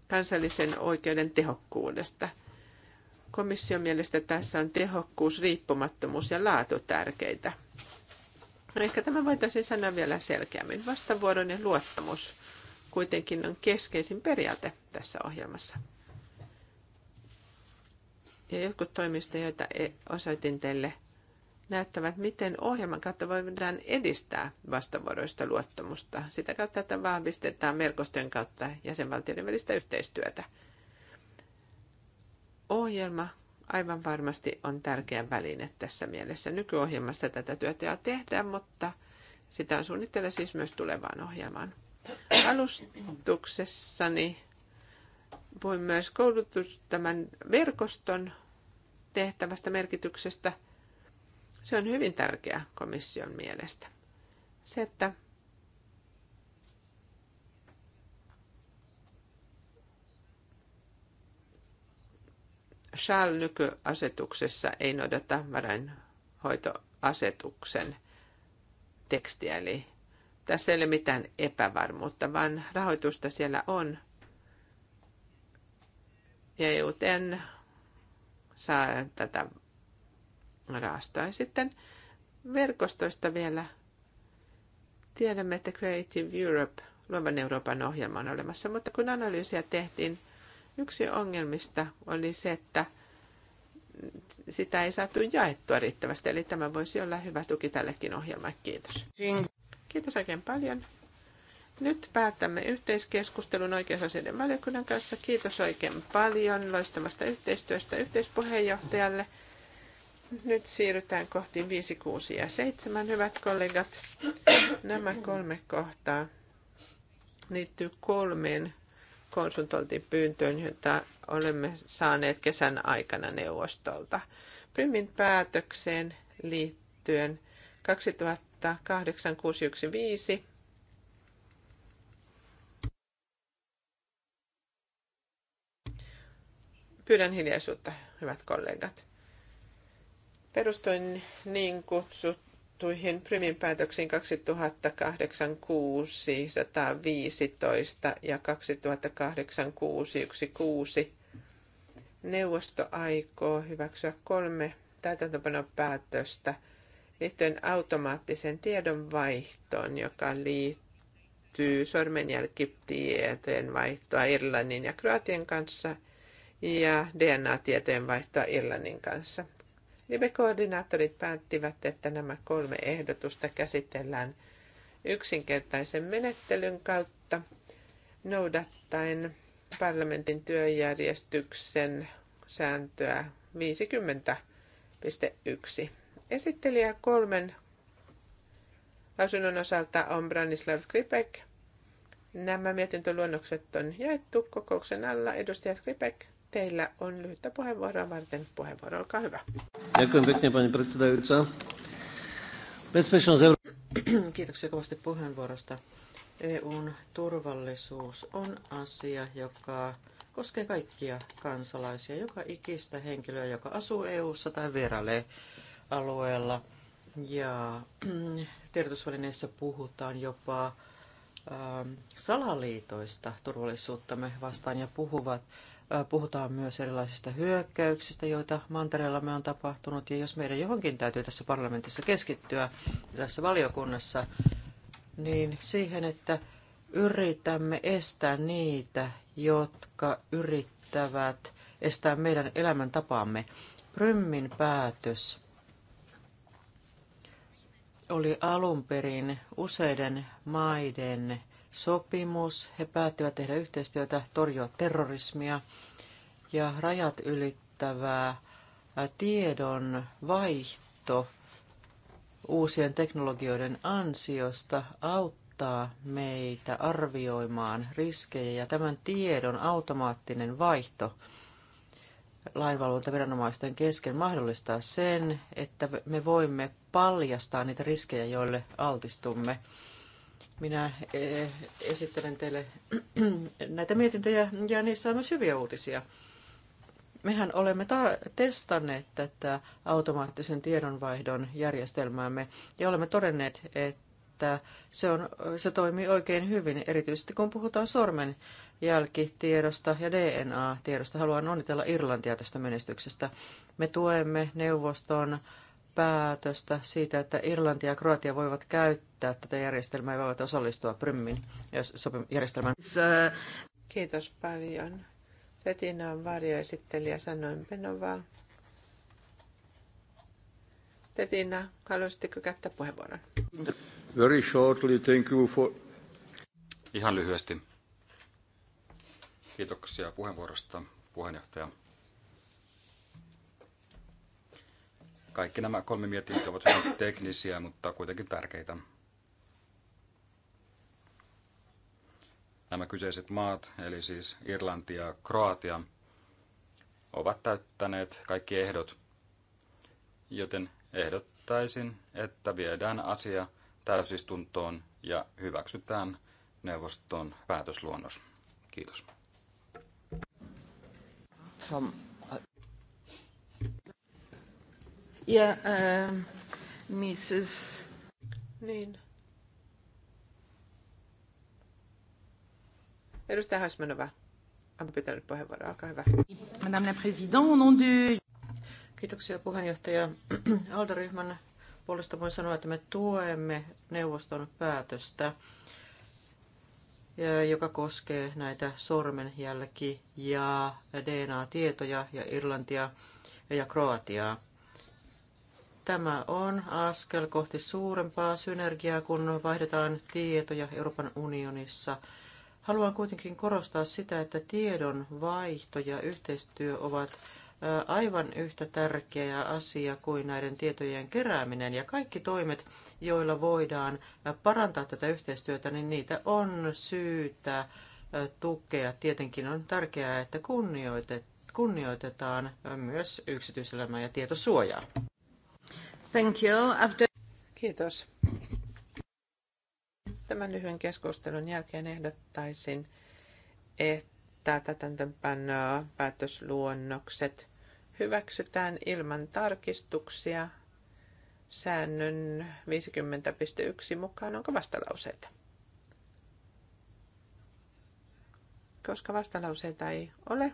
kansallisen oikeuden tehokkuudesta – Komission mielestä tässä on tehokkuus, riippumattomuus ja laatu tärkeitä. Ehkä tämä voitaisiin sanoa vielä selkeämmin. Vastavuoron ja luottamus kuitenkin on keskeisin periaate tässä ohjelmassa. Ja jotkut toimista, joita e- osoitin teille, näyttävät, miten ohjelman kautta voidaan edistää vastavuoroista luottamusta. Sitä kautta, että vahvistetaan merkostojen kautta jäsenvaltioiden välistä yhteistyötä – ohjelma aivan varmasti on tärkeä väline tässä mielessä. Nykyohjelmassa tätä työtä tehdään, mutta sitä on suunnitteilla siis myös tulevaan ohjelmaan. Alustuksessani voin myös koulutus tämän verkoston tehtävästä merkityksestä. Se on hyvin tärkeä komission mielestä. Se, että Shall nykyasetuksessa ei noudata varainhoitoasetuksen tekstiä, eli tässä ei ole mitään epävarmuutta, vaan rahoitusta siellä on. Ja EUTN saa tätä rahastoa. Ja sitten verkostoista vielä. Tiedämme, että Creative Europe, Luovan Euroopan ohjelma on olemassa, mutta kun analyysiä tehtiin, Yksi ongelmista oli se, että sitä ei saatu jaettua riittävästi, eli tämä voisi olla hyvä tuki tällekin ohjelmalle. Kiitos. Kiitos oikein paljon. Nyt päätämme yhteiskeskustelun oikeusasioiden valiokunnan kanssa. Kiitos oikein paljon loistamasta yhteistyöstä yhteispuheenjohtajalle. Nyt siirrytään kohti 5, 6 ja 7, hyvät kollegat. Nämä kolme kohtaa liittyy kolmeen konsultointipyyntöön, jota olemme saaneet kesän aikana neuvostolta. Primin päätökseen liittyen 2008-615 Pyydän hiljaisuutta, hyvät kollegat. Perustuin niin kutsut tuihin Prymin päätöksiin 2008 615 ja 2008 616. Neuvosto aikoo hyväksyä kolme täytäntöpanopäätöstä liittyen automaattiseen tiedonvaihtoon, joka liittyy sormenjälkitietojen vaihtoa Irlannin ja Kroatian kanssa – ja DNA-tietojen vaihtoa Irlannin kanssa. Live-koordinaattorit niin päättivät, että nämä kolme ehdotusta käsitellään yksinkertaisen menettelyn kautta noudattaen parlamentin työjärjestyksen sääntöä 50.1. Esittelijä kolmen lausunnon osalta on Branislav Skripek. Nämä mietintöluonnokset on jaettu kokouksen alla. Edustaja Skripek, Teillä on lyhyttä puheenvuoroa varten puheenvuoro. Olkaa hyvä. Kiitoksia kovasti puheenvuorosta. EUn turvallisuus on asia, joka koskee kaikkia kansalaisia, joka ikistä henkilöä, joka asuu EU:ssa tai vierailee alueella. Ja tiedotusvälineissä puhutaan jopa ähm, salaliitoista turvallisuuttamme vastaan ja puhuvat Puhutaan myös erilaisista hyökkäyksistä, joita mantereellamme on tapahtunut. Ja jos meidän johonkin täytyy tässä parlamentissa keskittyä, tässä valiokunnassa, niin siihen, että yritämme estää niitä, jotka yrittävät estää meidän elämäntapaamme. Prymmin päätös oli alun perin useiden maiden sopimus. He päättivät tehdä yhteistyötä, torjua terrorismia ja rajat ylittävää tiedon vaihto uusien teknologioiden ansiosta auttaa meitä arvioimaan riskejä ja tämän tiedon automaattinen vaihto lainvalvontaviranomaisten kesken mahdollistaa sen, että me voimme paljastaa niitä riskejä, joille altistumme. Minä eh, esittelen teille näitä mietintöjä ja niissä on myös hyviä uutisia. Mehän olemme testanneet tätä automaattisen tiedonvaihdon järjestelmäämme ja olemme todenneet, että se, on, se toimii oikein hyvin, erityisesti kun puhutaan sormen jälkitiedosta ja DNA-tiedosta. Haluan onnitella Irlantia tästä menestyksestä. Me tuemme neuvoston päätöstä siitä, että Irlanti ja Kroatia voivat käyttää tätä järjestelmää ja voivat osallistua Prymin järjestelmään. Kiitos paljon. Retina on varjoesittelijä, sanoin Penovaa. Tetina, haluaisitteko käyttää puheenvuoron? Very shortly, thank you for... Ihan lyhyesti. Kiitoksia puheenvuorosta, puheenjohtaja. Kaikki nämä kolme mietintöä ovat hyvin teknisiä, mutta kuitenkin tärkeitä. Nämä kyseiset maat, eli siis Irlanti ja Kroatia, ovat täyttäneet kaikki ehdot, joten ehdottaisin, että viedään asia täysistuntoon ja hyväksytään neuvoston päätösluonnos. Kiitos. Tom. Yeah, uh, Mrs. Niin. Edustaja Hasmanova on pitänyt puheenvuoroa. Olkaa hyvä. Madame la Présidente, on de... Kiitoksia puheenjohtaja. Alderyhmän puolesta voin sanoa, että me tuemme neuvoston päätöstä, joka koskee näitä sormenjälki- ja DNA-tietoja ja Irlantia ja Kroatiaa. Tämä on askel kohti suurempaa synergiaa, kun vaihdetaan tietoja Euroopan unionissa. Haluan kuitenkin korostaa sitä, että tiedon vaihto ja yhteistyö ovat aivan yhtä tärkeä asia kuin näiden tietojen kerääminen. Ja kaikki toimet, joilla voidaan parantaa tätä yhteistyötä, niin niitä on syytä tukea. Tietenkin on tärkeää, että kunnioitetaan myös yksityiselämää ja tietosuojaa. Kiitos. Tämän lyhyen keskustelun jälkeen ehdottaisin, että tätäntöpanoa päätösluonnokset hyväksytään ilman tarkistuksia säännön 50.1 mukaan. Onko vastalauseita? Koska vastalauseita ei ole,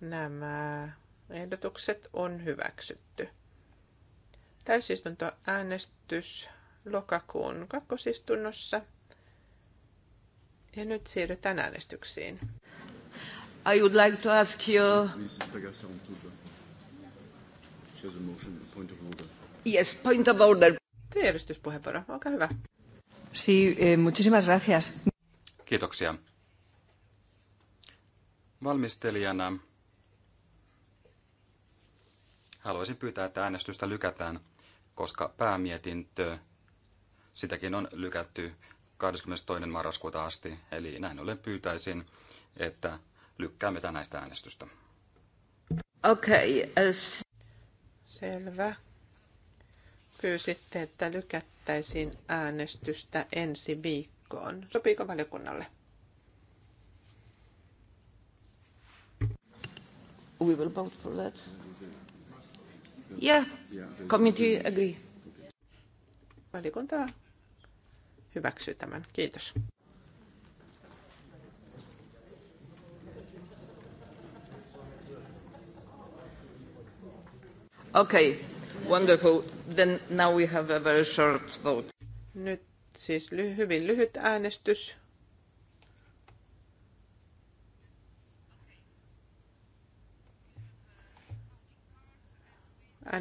nämä Ehdotukset on hyväksytty. Täysistuntoäänestys lokakuun kakkosistunnossa. Ja nyt siirrytään äänestyksiin. I would like to ask you... Yes, point of order. Järjestyspuheenvuoro, olkaa hyvä. Sí, eh, muchísimas gracias. Kiitoksia. Valmistelijana Haluaisin pyytää, että äänestystä lykätään, koska päämietintö, sitäkin on lykätty 22. marraskuuta asti, eli näin ollen pyytäisin, että lykkäämme näistä äänestystä. Okei, okay, äh, yes. Selvä. Pyysitte, että lykättäisiin äänestystä ensi viikkoon. Sopiiko valiokunnalle? We will vote for that. Yeah, committee agree. hyväksyy tämän. Kiitos. Okay, wonderful. Then now we have a very short vote. Nyt siis ly- hyvin lyhyt äänestys.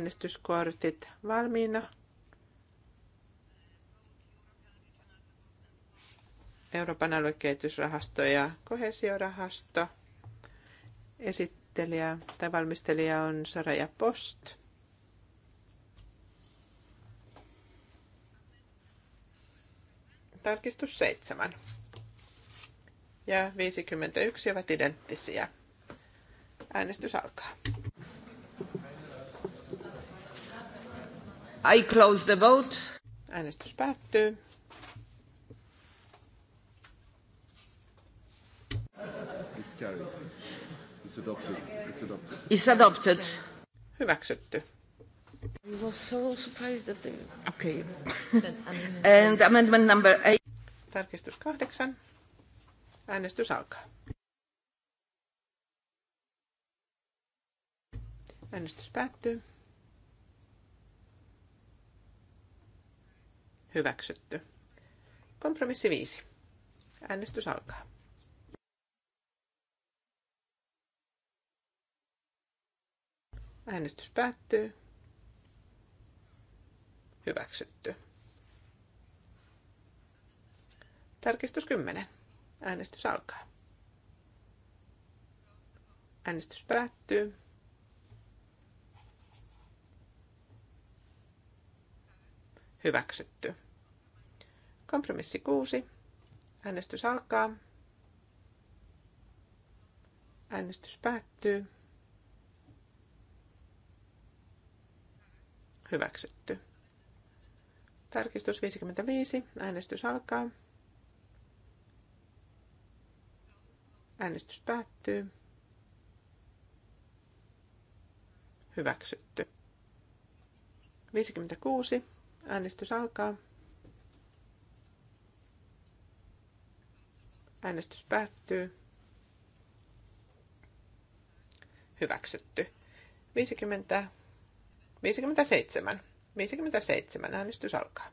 äänestyskortit valmiina. Euroopan aluekehitysrahasto ja kohesiorahasto. Esittelijä tai valmistelija on Saraja Post. Tarkistus 7 ja 51 ovat identtisiä. Äänestys alkaa. I close the vote. Äänestys päättyy. It's carried. It's adopted. It's adopted. It's adopted. Hyväksytty. I was so surprised that they... Okay. And amendment number eight. Tarkistus kahdeksan. Äänestys alkaa. Äänestys päättyy. Hyväksytty. Kompromissi 5. Äänestys alkaa. Äänestys päättyy. Hyväksytty. Tarkistus 10. Äänestys alkaa. Äänestys päättyy. Hyväksytty. Kompromissi 6. Äänestys alkaa. Äänestys päättyy. Hyväksytty. Tarkistus 55. Äänestys alkaa. Äänestys päättyy. Hyväksytty. 56. Äänestys alkaa. Äänestys päättyy. Hyväksytty. 50, 57. 57. Äänestys alkaa.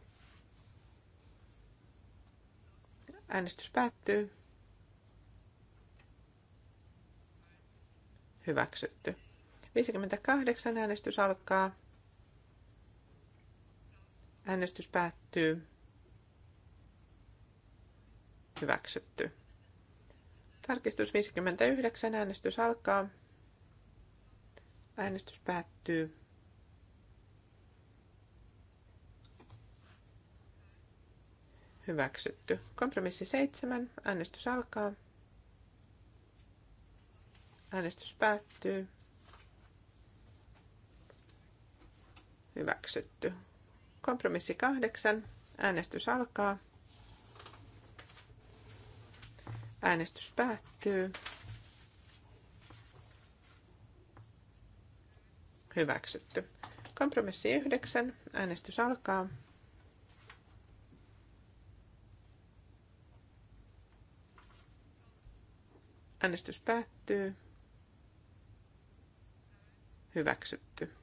Äänestys päättyy. Hyväksytty. 58. Äänestys alkaa. Äänestys päättyy. Hyväksytty. Tarkistus 59. Äänestys alkaa. Äänestys päättyy. Hyväksytty. Kompromissi 7. Äänestys alkaa. Äänestys päättyy. Hyväksytty. Kompromissi kahdeksan. Äänestys alkaa. Äänestys päättyy. Hyväksytty. Kompromissi yhdeksän. Äänestys alkaa. Äänestys päättyy. Hyväksytty.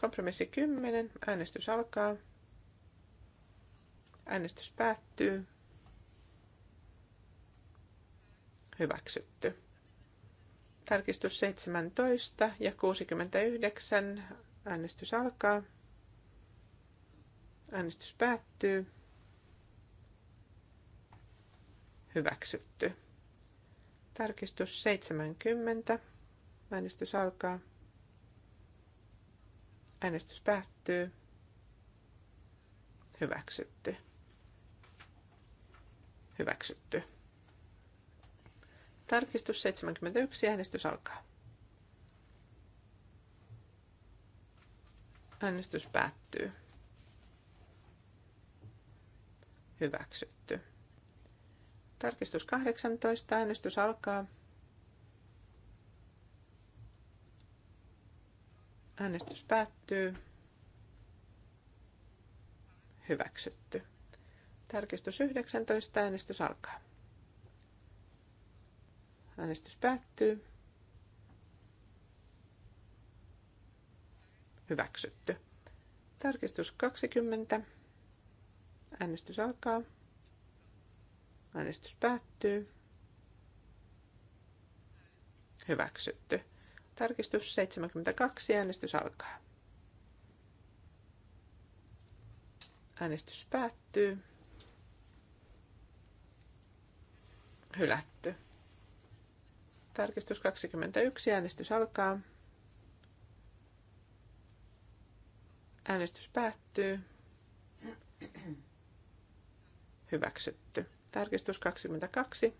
Kompromissi 10. Äänestys alkaa. Äänestys päättyy. Hyväksytty. Tarkistus 17 ja 69. Äänestys alkaa. Äänestys päättyy. Hyväksytty. Tarkistus 70. Äänestys alkaa. Äänestys päättyy. Hyväksytty. Hyväksytty. Tarkistus 71. Äänestys alkaa. Äänestys päättyy. Hyväksytty. Tarkistus 18. Äänestys alkaa. Äänestys päättyy. Hyväksytty. Tarkistus 19. Äänestys alkaa. Äänestys päättyy. Hyväksytty. Tarkistus 20. Äänestys alkaa. Äänestys päättyy. Hyväksytty. Tarkistus 72. Äänestys alkaa. Äänestys päättyy. Hylätty. Tarkistus 21. Äänestys alkaa. Äänestys päättyy. Hyväksytty. Tarkistus 22.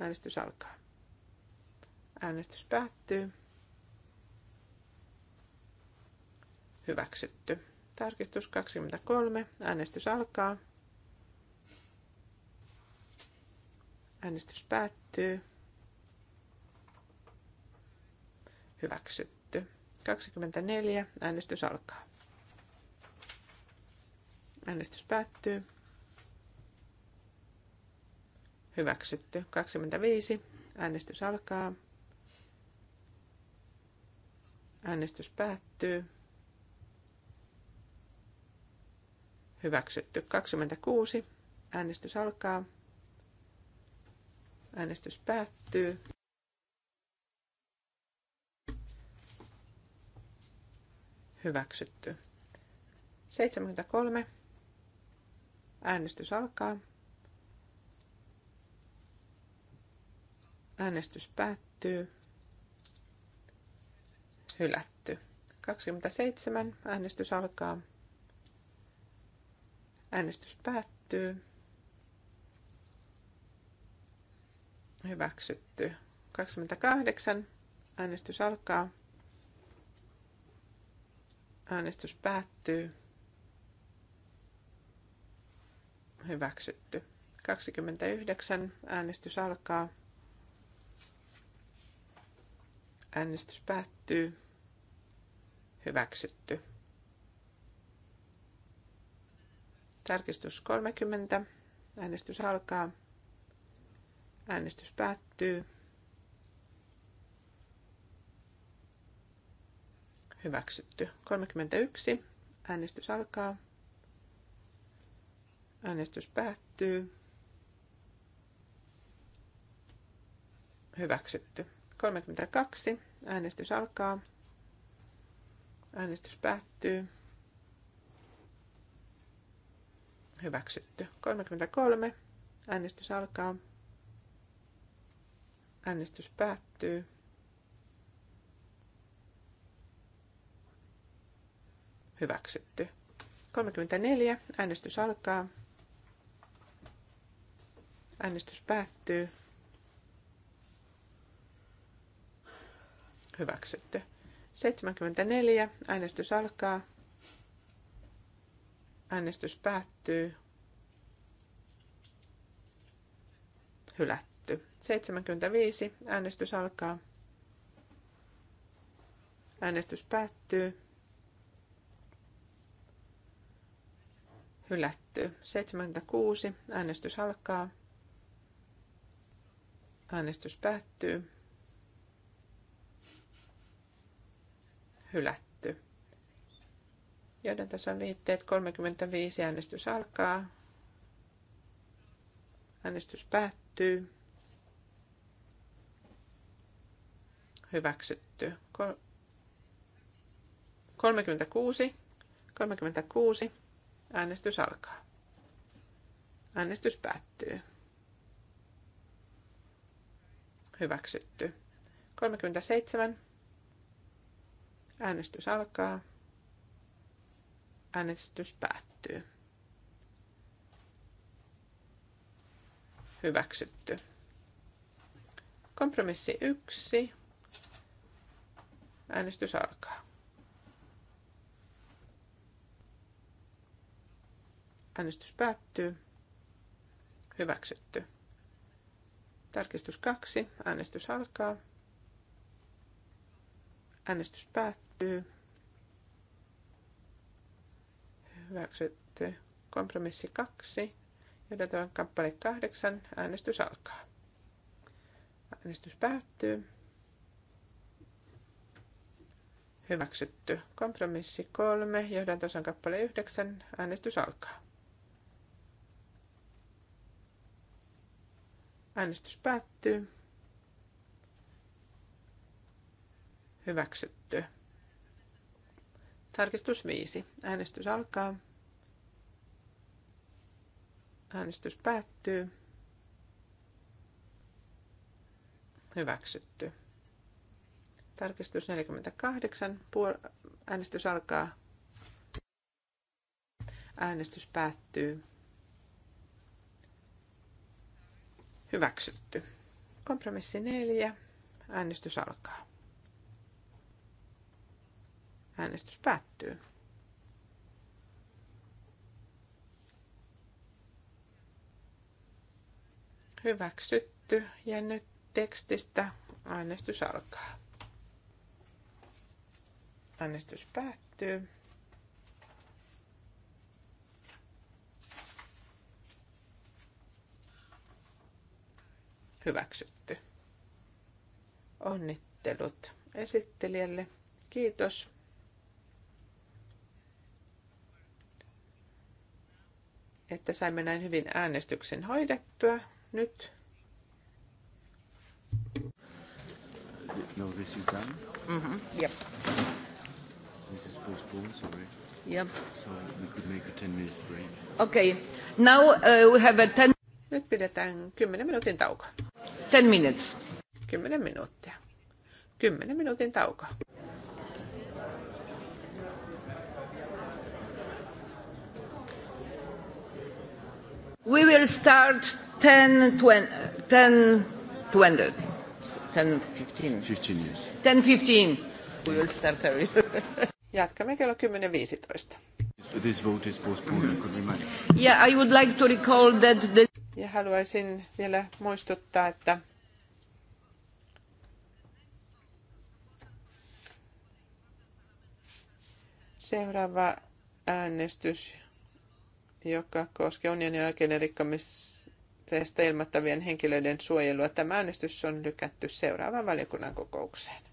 Äänestys alkaa. Äänestys päättyy. Hyväksytty. Tarkistus 23. Äänestys alkaa. Äänestys päättyy. Hyväksytty. 24. Äänestys alkaa. Äänestys päättyy. Hyväksytty. 25. Äänestys alkaa. Äänestys päättyy. Hyväksytty. 26. Äänestys alkaa. Äänestys päättyy. Hyväksytty. 73. Äänestys alkaa. Äänestys päättyy hylätty. 27. Äänestys alkaa. Äänestys päättyy. Hyväksytty. 28. Äänestys alkaa. Äänestys päättyy. Hyväksytty. 29. Äänestys alkaa. Äänestys päättyy. Hyväksytty. Tarkistus 30. Äänestys alkaa. Äänestys päättyy. Hyväksytty. 31. Äänestys alkaa. Äänestys päättyy. Hyväksytty. 32. Äänestys alkaa. Äänestys päättyy. Hyväksytty. 33. Äänestys alkaa. Äänestys päättyy. Hyväksytty. 34. Äänestys alkaa. Äänestys päättyy. Hyväksytty. 74. Äänestys alkaa. Äänestys päättyy. Hylätty. 75. Äänestys alkaa. Äänestys päättyy. Hylätty. 76. Äänestys alkaa. Äänestys päättyy. hylätty. tässä on viitteet 35 äänestys alkaa. Äänestys päättyy. Hyväksytty. 36. 36. Äänestys alkaa. Äänestys päättyy. Hyväksytty. 37. Äänestys alkaa. Äänestys päättyy. Hyväksytty. Kompromissi 1. Äänestys alkaa. Äänestys päättyy. Hyväksytty. Tarkistus 2. Äänestys alkaa. Äänestys päättyy. Päättyy. Hyväksytty. Kompromissi 2. Johdetaan kappale 8. Äänestys alkaa. Äänestys päättyy. Hyväksytty. Kompromissi 3. Johdantosan kappale 9. Äänestys alkaa. Äänestys päättyy. Hyväksytty. Tarkistus 5. Äänestys alkaa. Äänestys päättyy. Hyväksytty. Tarkistus 48. Puol- äänestys alkaa. Äänestys päättyy. Hyväksytty. Kompromissi 4. Äänestys alkaa. Äänestys päättyy. Hyväksytty ja nyt tekstistä äänestys alkaa. Äänestys päättyy. Hyväksytty. Onnittelut esittelijälle. Kiitos. että saimme näin hyvin äänestyksen hoidettua nyt. No, this is done. Mm-hmm. Yep. This is postponed, sorry. Yep. So we could make a 10 minutes break. Okay. Now uh, we have a 10 Nyt pidetään 10 minuutin tauko. 10 minutes. 10 minuuttia. 10 minuutin tauko. We will start 10, 20, 10, 20, 10, 15. 15, yes. 10, 15. We will start early. Jatkamme kello 10.15. This vote is postponed. Yeah, I would like to recall that the... Ja haluaisin vielä muistuttaa, että seuraava äänestys joka koskee unionin oikeuden rikkomisesta ilmoittavien henkilöiden suojelua. Tämä äänestys on lykätty seuraavaan valiokunnan kokoukseen.